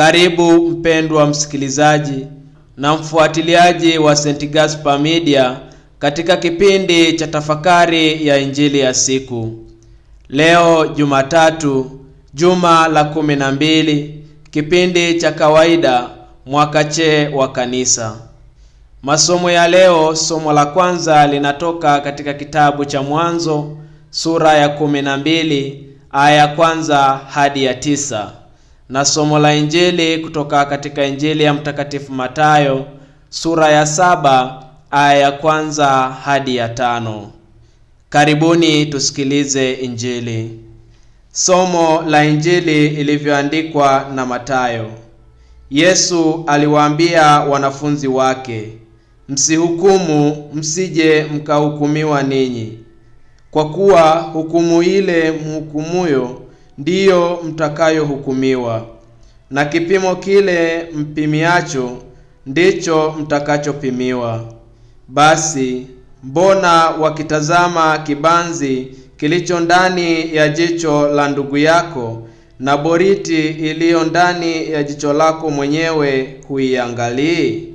Karibu mpendwa msikilizaji na mfuatiliaji wa St. Gaspar Media katika kipindi cha tafakari ya injili ya siku. Leo Jumatatu, juma la kumi na mbili, kipindi cha kawaida mwaka C wa kanisa. Masomo ya leo, somo la kwanza linatoka katika kitabu cha Mwanzo sura ya kumi na mbili aya ya kwanza hadi ya tisa na somo la Injili kutoka katika Injili ya Mtakatifu Matayo sura ya saba aya ya kwanza hadi ya tano. Karibuni tusikilize Injili. Somo la Injili ilivyoandikwa na Matayo. Yesu aliwaambia wanafunzi wake, msihukumu, msije mkahukumiwa ninyi, kwa kuwa hukumu ile mhukumuyo ndiyo mtakayohukumiwa, na kipimo kile mpimiacho ndicho mtakachopimiwa. Basi mbona wakitazama kibanzi kilicho ndani ya jicho la ndugu yako, na boriti iliyo ndani ya jicho lako mwenyewe huiangalii?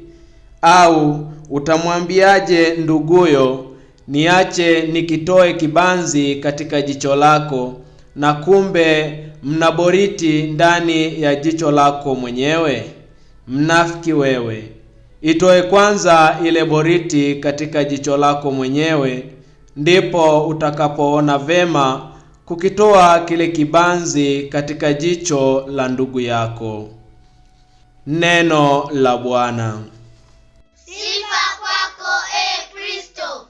Au utamwambiaje nduguyo, niache nikitoe kibanzi katika jicho lako na kumbe mna boriti ndani ya jicho lako mwenyewe? Mnafiki wewe, itoe kwanza ile boriti katika jicho lako mwenyewe, ndipo utakapoona vema kukitoa kile kibanzi katika jicho la ndugu yako. Neno la Bwana. Sifa kwako, e Kristo.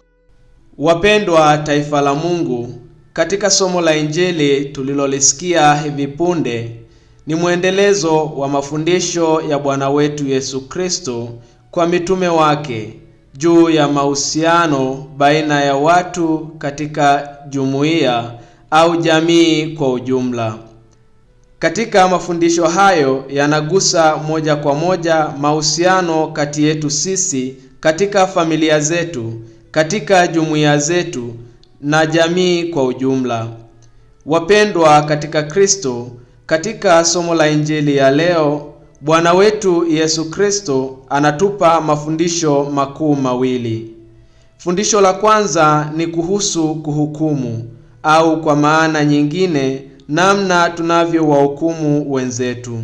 Wapendwa taifa la Mungu, katika somo la Injili tulilolisikia hivi punde ni mwendelezo wa mafundisho ya Bwana wetu Yesu Kristo kwa mitume wake juu ya mahusiano baina ya watu katika jumuiya au jamii kwa ujumla. Katika mafundisho hayo yanagusa moja kwa moja mahusiano kati yetu sisi katika familia zetu, katika jumuiya zetu na jamii kwa ujumla. Wapendwa katika Kristo, katika somo la Injili ya leo, Bwana wetu Yesu Kristo anatupa mafundisho makuu mawili. Fundisho la kwanza ni kuhusu kuhukumu au kwa maana nyingine namna tunavyowahukumu wenzetu.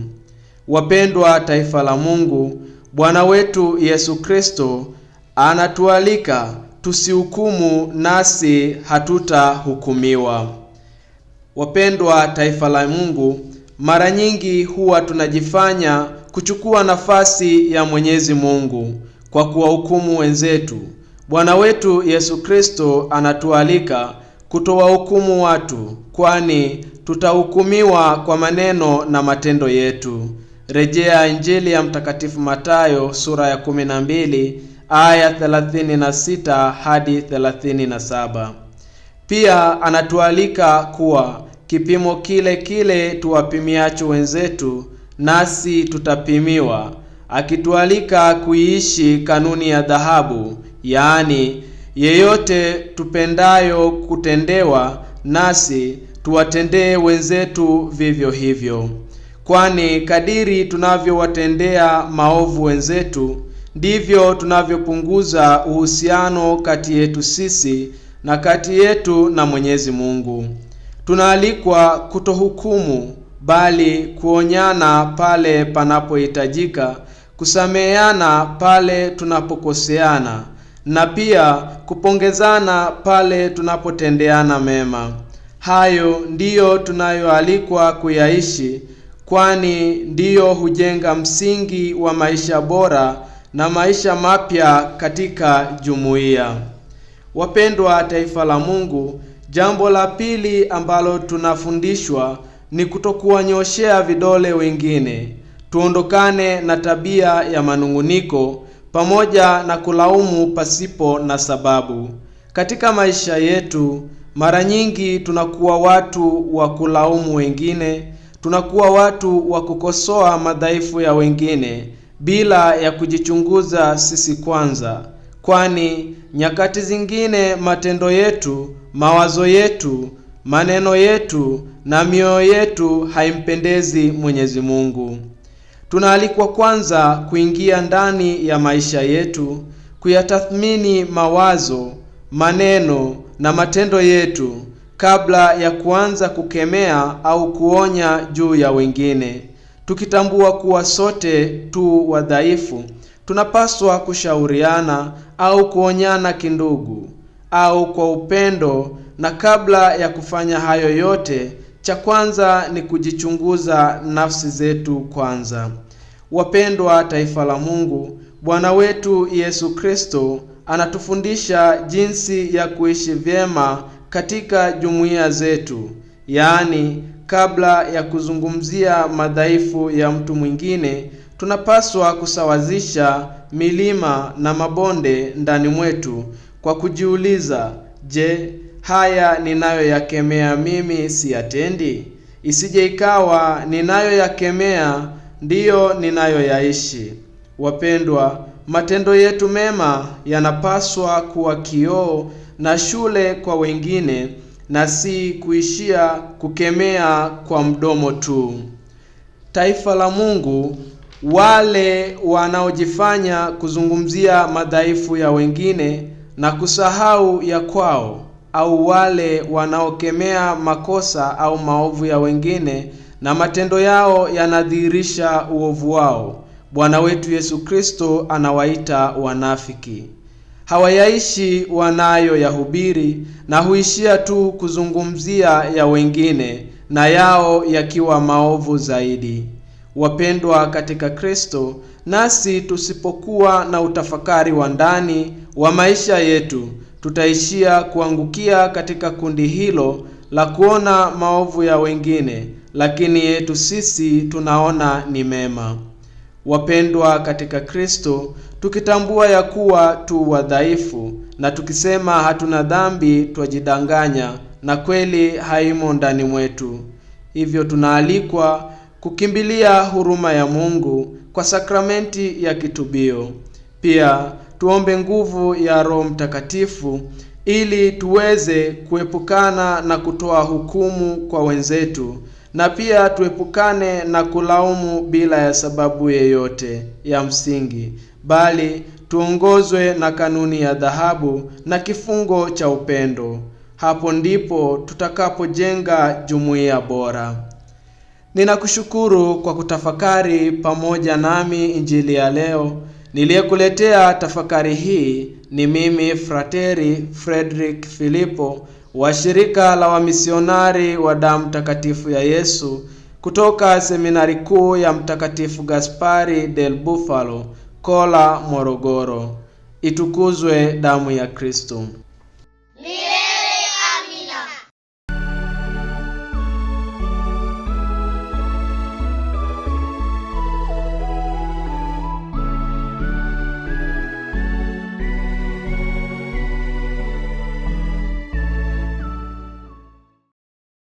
Wapendwa taifa la Mungu, Bwana wetu Yesu Kristo anatualika tusihukumu nasi hatutahukumiwa. Wapendwa taifa la Mungu, mara nyingi huwa tunajifanya kuchukua nafasi ya Mwenyezi Mungu kwa kuwahukumu wenzetu. Bwana wetu Yesu Kristo anatualika kutowahukumu watu, kwani tutahukumiwa kwa maneno na matendo yetu. Rejea Injili ya Mtakatifu Matayo sura ya 12 aya 36 hadi 37. Pia anatualika kuwa kipimo kile kile tuwapimiacho wenzetu nasi tutapimiwa, akitualika kuiishi kanuni ya dhahabu, yaani yeyote tupendayo kutendewa nasi tuwatendee wenzetu vivyo hivyo, kwani kadiri tunavyowatendea maovu wenzetu ndivyo tunavyopunguza uhusiano kati yetu sisi na kati yetu na Mwenyezi Mungu. Tunaalikwa kutohukumu, bali kuonyana pale panapohitajika, kusameheana pale tunapokoseana, na pia kupongezana pale tunapotendeana mema. Hayo ndiyo tunayoalikwa kuyaishi, kwani ndiyo hujenga msingi wa maisha bora na maisha mapya katika jumuiya. Wapendwa taifa la Mungu, jambo la pili ambalo tunafundishwa ni kutokuwanyoshea vidole wengine. Tuondokane na tabia ya manung'uniko pamoja na kulaumu pasipo na sababu. Katika maisha yetu mara nyingi tunakuwa watu wa kulaumu wengine, tunakuwa watu wa kukosoa madhaifu ya wengine bila ya kujichunguza sisi kwanza, kwani nyakati zingine matendo yetu, mawazo yetu, maneno yetu na mioyo yetu haimpendezi Mwenyezi Mungu. Tunaalikwa kwanza kuingia ndani ya maisha yetu, kuyatathmini mawazo, maneno na matendo yetu kabla ya kuanza kukemea au kuonya juu ya wengine. Tukitambua kuwa sote tu wadhaifu, tunapaswa kushauriana au kuonyana kindugu au kwa upendo, na kabla ya kufanya hayo yote, cha kwanza ni kujichunguza nafsi zetu kwanza. Wapendwa taifa la Mungu, Bwana wetu Yesu Kristo anatufundisha jinsi ya kuishi vyema katika jumuiya zetu, yaani Kabla ya kuzungumzia madhaifu ya mtu mwingine, tunapaswa kusawazisha milima na mabonde ndani mwetu kwa kujiuliza, je, haya ninayoyakemea mimi siyatendi? Isije ikawa ninayoyakemea ndiyo ninayoyaishi. Wapendwa, matendo yetu mema yanapaswa kuwa kioo na shule kwa wengine na si kuishia kukemea kwa mdomo tu. Taifa la Mungu, wale wanaojifanya kuzungumzia madhaifu ya wengine na kusahau ya kwao, au wale wanaokemea makosa au maovu ya wengine na matendo yao yanadhihirisha uovu wao, Bwana wetu Yesu Kristo anawaita wanafiki hawayaishi wanayoyahubiri na huishia tu kuzungumzia ya wengine na yao yakiwa maovu zaidi. Wapendwa katika Kristo, nasi tusipokuwa na utafakari wa ndani wa maisha yetu, tutaishia kuangukia katika kundi hilo la kuona maovu ya wengine, lakini yetu sisi tunaona ni mema. Wapendwa katika Kristo, tukitambua ya kuwa tu wadhaifu na tukisema hatuna dhambi, twajidanganya na kweli haimo ndani mwetu. Hivyo tunaalikwa kukimbilia huruma ya Mungu kwa sakramenti ya kitubio. Pia tuombe nguvu ya Roho Mtakatifu ili tuweze kuepukana na kutoa hukumu kwa wenzetu na pia tuepukane na kulaumu bila ya sababu yeyote ya msingi, bali tuongozwe na kanuni ya dhahabu na kifungo cha upendo. Hapo ndipo tutakapojenga jumuiya bora. Ninakushukuru kwa kutafakari pamoja nami injili ya leo. Niliyekuletea tafakari hii ni mimi Frateri Frederick Filipo wa shirika la wamisionari wa, damu takatifu ya Yesu kutoka seminari kuu ya Mtakatifu Gaspari del Bufalo, Kola, Morogoro. Itukuzwe damu ya Kristo!